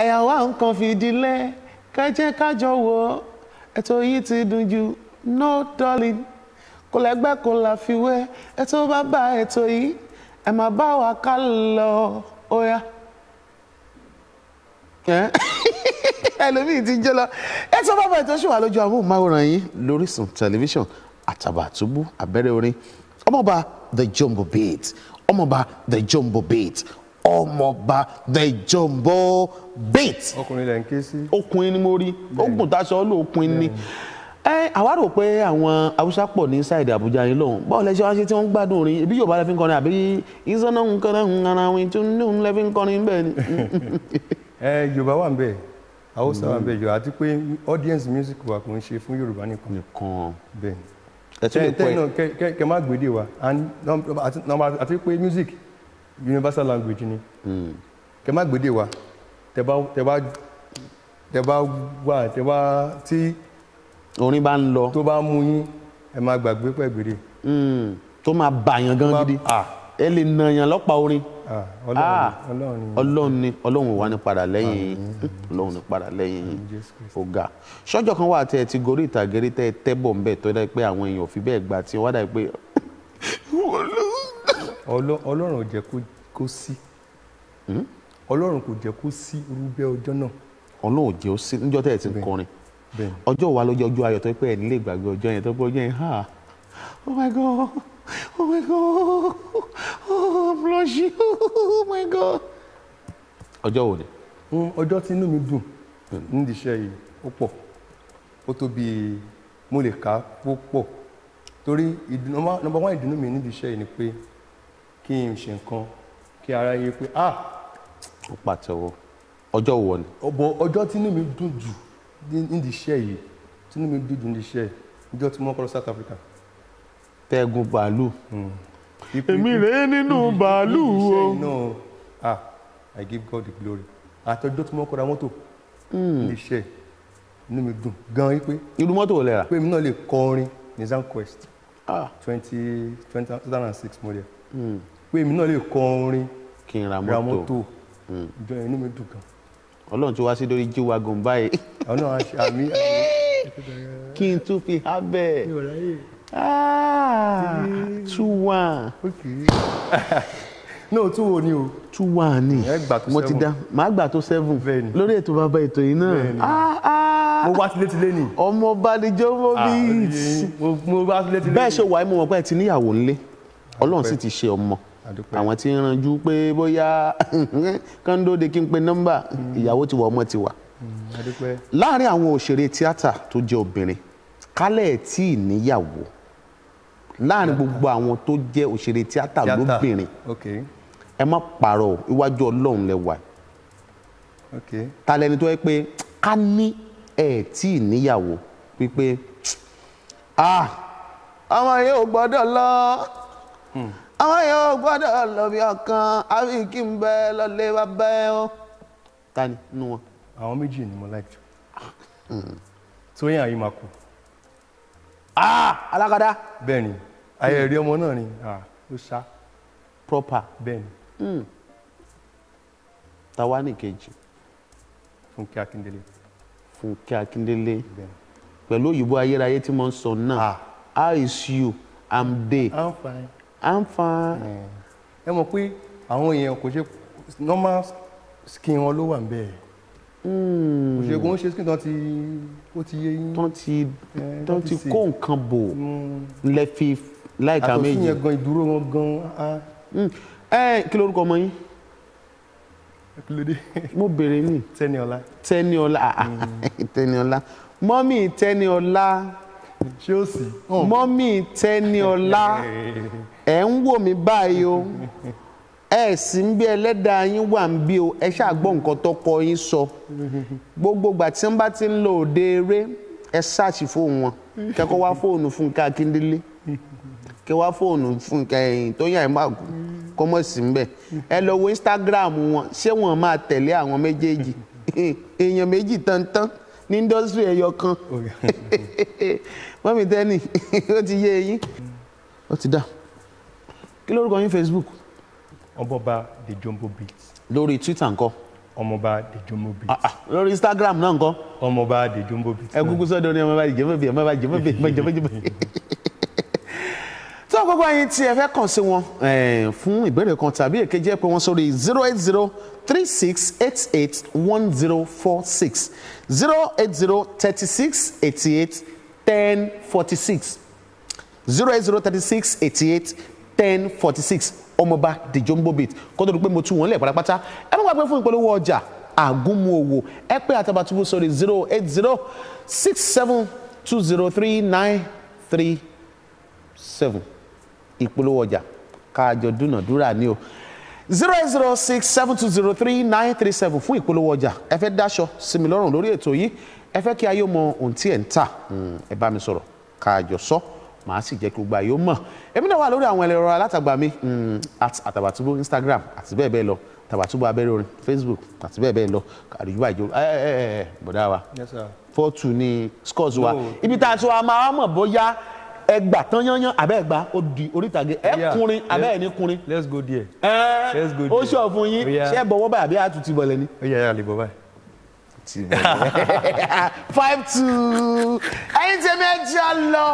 ẹ̀yà wa nǹkan fìdílé kẹjẹ kájọ wò ó ètò yìí ti dùn jù no darling kò lẹ́gbẹ́ kò láfiwé ètò bàbá ètò yìí ẹ máa bá wa ká lọ óyá ẹlòmíì ti jẹ́ lọ ètò bàbá ètò ṣì wà lójú amóhùnmáwòrán yìí lóríṣun tẹlifíṣàn àtàbàtúbú abẹ́rẹ́ orin ọmọọba the jumbo beat ọmọọba the jumbo beat ọmọọba the jumbo bait. ọkùnrin lẹ ń ké sí. ọkùnrin ni mo rí ogun taṣọ ló ọkùnrin ni. ẹ àwa rò pé àwọn haúsá pọ̀ ní ṣáìdì àbújá yín lọ́hùn báwo lẹ ṣe wá ṣe tí wọ́n ń gbádùn orin ẹbí yorùbá lẹ fi ń kọrin àbí ìsọ́nà ń kọrin ń ara wọn tún ní òun lẹ fi ń kọrin bẹ́ẹ̀ ni. ẹ yorùbá wà ń bẹ haúsá wà ń bẹ yorùbá àti pé audience music wa kò ń ṣe fún yorùbá nìkan. nìkan bẹ́ẹ̀ ni. ẹ tún lè pọ ẹ tẹ́lẹ̀ náà kẹ universal language ni hmm. kẹ má gbédè wa tẹ bá tẹ bá tẹ bá wà tẹ bá tí. orin bá ń lọ. tó bá mú yín ẹ máa gbàgbé pẹ̀ gbèdè. Hmm. tó máa bàyàn gan gidi ẹ lè nàyàn lọ́pàá orin. Ah. ọlọ́run ni ọlọ́run wà ní padà lẹ́yìn hmm. ọlọ́run ní padà lẹ́yìn ọ̀gá sọ́jọ́ kan wà tẹ́ ẹ ti gorí ìtàgé rí tẹ́ ẹ tẹ́bọ̀ ń bẹ̀ tó dá pé àwọn èèyàn ò fi bẹ́ẹ̀ gbà tí wọ́n dà pé ọlọ́run ò jẹ́ kó sí hmm? ọlọ́run kò jẹ́ kó sí irúgbẹ́ ọjọ́ náà. ọlọ́run ò jẹ́ ó sí níjọ́ tẹ́ ẹ̀ ti ń kọrin ọjọ́ wa ló jẹ́ ọjọ́ ayọ̀ tó pé ẹ̀ nílé ìgbàgbé ọjọ́ yẹn tó pé ọjọ́ yẹn ha oh my god oh my god oh i'm blushing oh my god. ọjọ́ wo ni. Hmm, ọjọ́ tí inú mi dùn hmm. nídìí iṣẹ́ yìí ó pọ̀ ó tó bí mo lè kà á torí number one ìdùnnú mi nídìí iṣẹ́ yìí ni pé kí n ṣe nǹkan kí ara yẹ pé ah. ó pàtẹ́wọ́ ọjọ́ wo ni. ọ̀bọ̀ ọjọ́ tí mi dùn jù nídìí iṣẹ́ yìí tí mi dùn jù nídìí iṣẹ́ ọjọ́ tí mo kọ́ lọ South Africa. tẹ́gùn bàálù. Hmm. èmi rèé nínú bàálù o. ah I give God the glory àtọ́jọ́ tí mo kọ́ ra mọ́tò hmm. nídìí iṣẹ́ inú mi dùn gan-an yìí pé. irú mọ́tò wò lẹ rà. pé èmi náà lè kọ Nizam Quest ah. twenty twenty two thousand and six model. Hmm pé èmi náà lè kọ orin kí n ra mọ́tò ìjọ hmm. inú mi dùn gan. ọlọ́run tó wá sí lórí jí wagon báyìí. kí n tún fi há bẹ́ẹ̀. Ah, two one. no two o ni o. two one ni mo ti dá màá gbà tó seven lórí ètò bàbá ètò yìí náà. Ah, ah. mo wá tilé tilé ni. ọmọ ọba ni Jovovich. mo wá tilé tilé ni. bẹ́ẹ̀ ṣe wà á mọ̀ wọ́n pé ẹ ti níyàwó ńlé ọlọ́run sì ti ṣe ọmọ àwọn tí ń ranjú pé bóyá kando de kí n pe nọ́mbà hmm. ìyàwó tiwa ọmọ tiwa hmm, láàárín àwọn òṣèré tíátà tó jẹ́ obìnrin kálẹ̀ tí ì níyàwó láàárín gbogbo àwọn tó jẹ́ òṣèré tíátà lóbìnrin ẹ má pààrọ̀ iwájú Ọlọ́run lẹ́wà ta ni tó yẹ pé ká ní ẹ tí níyàwó wípé ah ọmọ yẹn ò gbọ́dọ̀ lọ hmm. ayọ̀ gbọ́dọ̀ lọ́bi ọ̀kan àbí kí n bẹ lọ́lé bàbá ẹ o. ta ni nu wọn. àwọn méjì ni mo like jù Tóyìn Àyìnmákù. Ah, alákàdá. bẹ́ẹ̀ ni ayẹyẹ hmm. rí ọmọ náà ni ah, ó ṣá. proper. bẹ́ẹ̀ ni. Hmm. tàwa ní kejì. Fúnkẹ́ Akíndélé. Fúnkẹ́ Akíndélé pẹ̀lú òyìnbó ayérayé tí mo ń sọ náà ah. how is you i'm there. à ń fa. ẹ mọ̀ pé àwọn èèyàn kò ṣe normal skin wọn ló wà hmm. ń bẹ́ẹ̀ òṣègùn ṣe skin tán ti ó ti yé yín. tán ti eh, tán ti kó nǹkan bò hmm. lẹ fi láìka méjì. àtọ̀sí yẹn gan ìdúró wọn gan. Hmm. ẹ kí lorúkọ ọmọ yín kílódé. mo béèrè ní. Tẹ́niọlá. Tẹ́niọlá ah, ah, Tẹ́niọlá mọ́mí Tẹ́niọlá ṣé ó sì. Oh. mọ́mí Tẹ́níọlá ẹ̀ ń wò mí báyìí o ẹ sì ń bí ẹlẹ́dàá yín wà ń bí o ẹ ṣáà gbọ́ nǹkan tọkọ yín sọ gbogbo ìgbà tí wọ́n bá ti ń lo òde eré ẹ ṣáàṣì fóònù wọn kẹ́kọ̀ọ́ wá fóònù Fúnkẹ́ Akíndélé kẹ́ wá fóònù Fúnkẹ́ ẹ̀yìn tó yàn má gùn kọ́ mọ̀ sí ẹ lọ wo Instagram wọn ṣé wọ́n máa tẹ̀lé àwọn méjèèjì èèyàn méjì tán tán ní indọ́sítírì ẹ̀yọ kan mọ́mí tẹ́nì ó ti yé eyín ó ti dà kí lórúkọ yín Facebook. ọmọọba the jumbo beats. lórí Twitter ńkọ́. ọmọọba the jumbo beats. Ah, ah, lórí Instagram náà ńkọ́. ọmọọba the jumbo beats. ẹ kúkú sọ́dọ̀ ni ọmọọba jẹ́mọ̀bì ọmọọba jẹ́mọ̀bì jẹ́mọ̀bì. sọ gbogbo ẹ̀yin tí ẹ fẹ́ kàn sí wọn fún ìbéèrè kan tàbí èkejì ẹ pè wọ́n sórí zero eight zero three six eight eight one zero four six zero eight zero thirty six eighty eight ten forty six zero eight zero thirty six eighty eight ten forty six ọmọọba dijombo beat kó tó di pé mo tú wọn lẹ̀ pátápátá ẹ má gbàgbé fún ìpolówó ọjà àgúnmu òwò ẹ pè Àtàbàtúbú sórí zero eight zero six seven two zero three nine three seven ìpolówó ọjà káàjọ dúnàdúrà ni o zero eight zero six seven two zero three nine three seven fún ìpolówó ọjà ẹ fẹ́ dáṣọ sí mi lọ́rùn lórí ètò yìí ẹ fẹ́ kí ayé mọ ohun tí ẹ ń tà hmm, ẹ bá mi sọ̀rọ̀ káàjọ sọ màá sì jẹ́ kí gbogbo ayé mọ̀ èmi náà wà lórí àwọn ẹlẹ́rọ alátagbà mi hmm, at àtàbàtúbú instagram àti bẹ́ẹ̀ bẹ́ẹ̀ lọ tàbàtúbù abẹ́rẹ́ facebook àti bẹ́ẹ̀ bẹ́ẹ̀ lọ àríwá ìjọ ẹ ẹ ẹ bọ̀dá wa fọ́ọ̀tù ni scores wa ibi tá a tún wa máa mọ̀ bóyá ẹgbà tán yányán abẹ́ ẹgbà ó di orítàgé ẹ kùnrin abẹ́ ẹ̀ ní kùnrin. let's go there. let's go there. ó sọ fún yín oh, ṣé bọ̀wọ́ báyìí àbí àtún ti bọ̀lẹ̀ ni. ó yẹ ẹ bọ̀ báyìí. five two ẹyin tèmi ẹ jẹ́ lọ.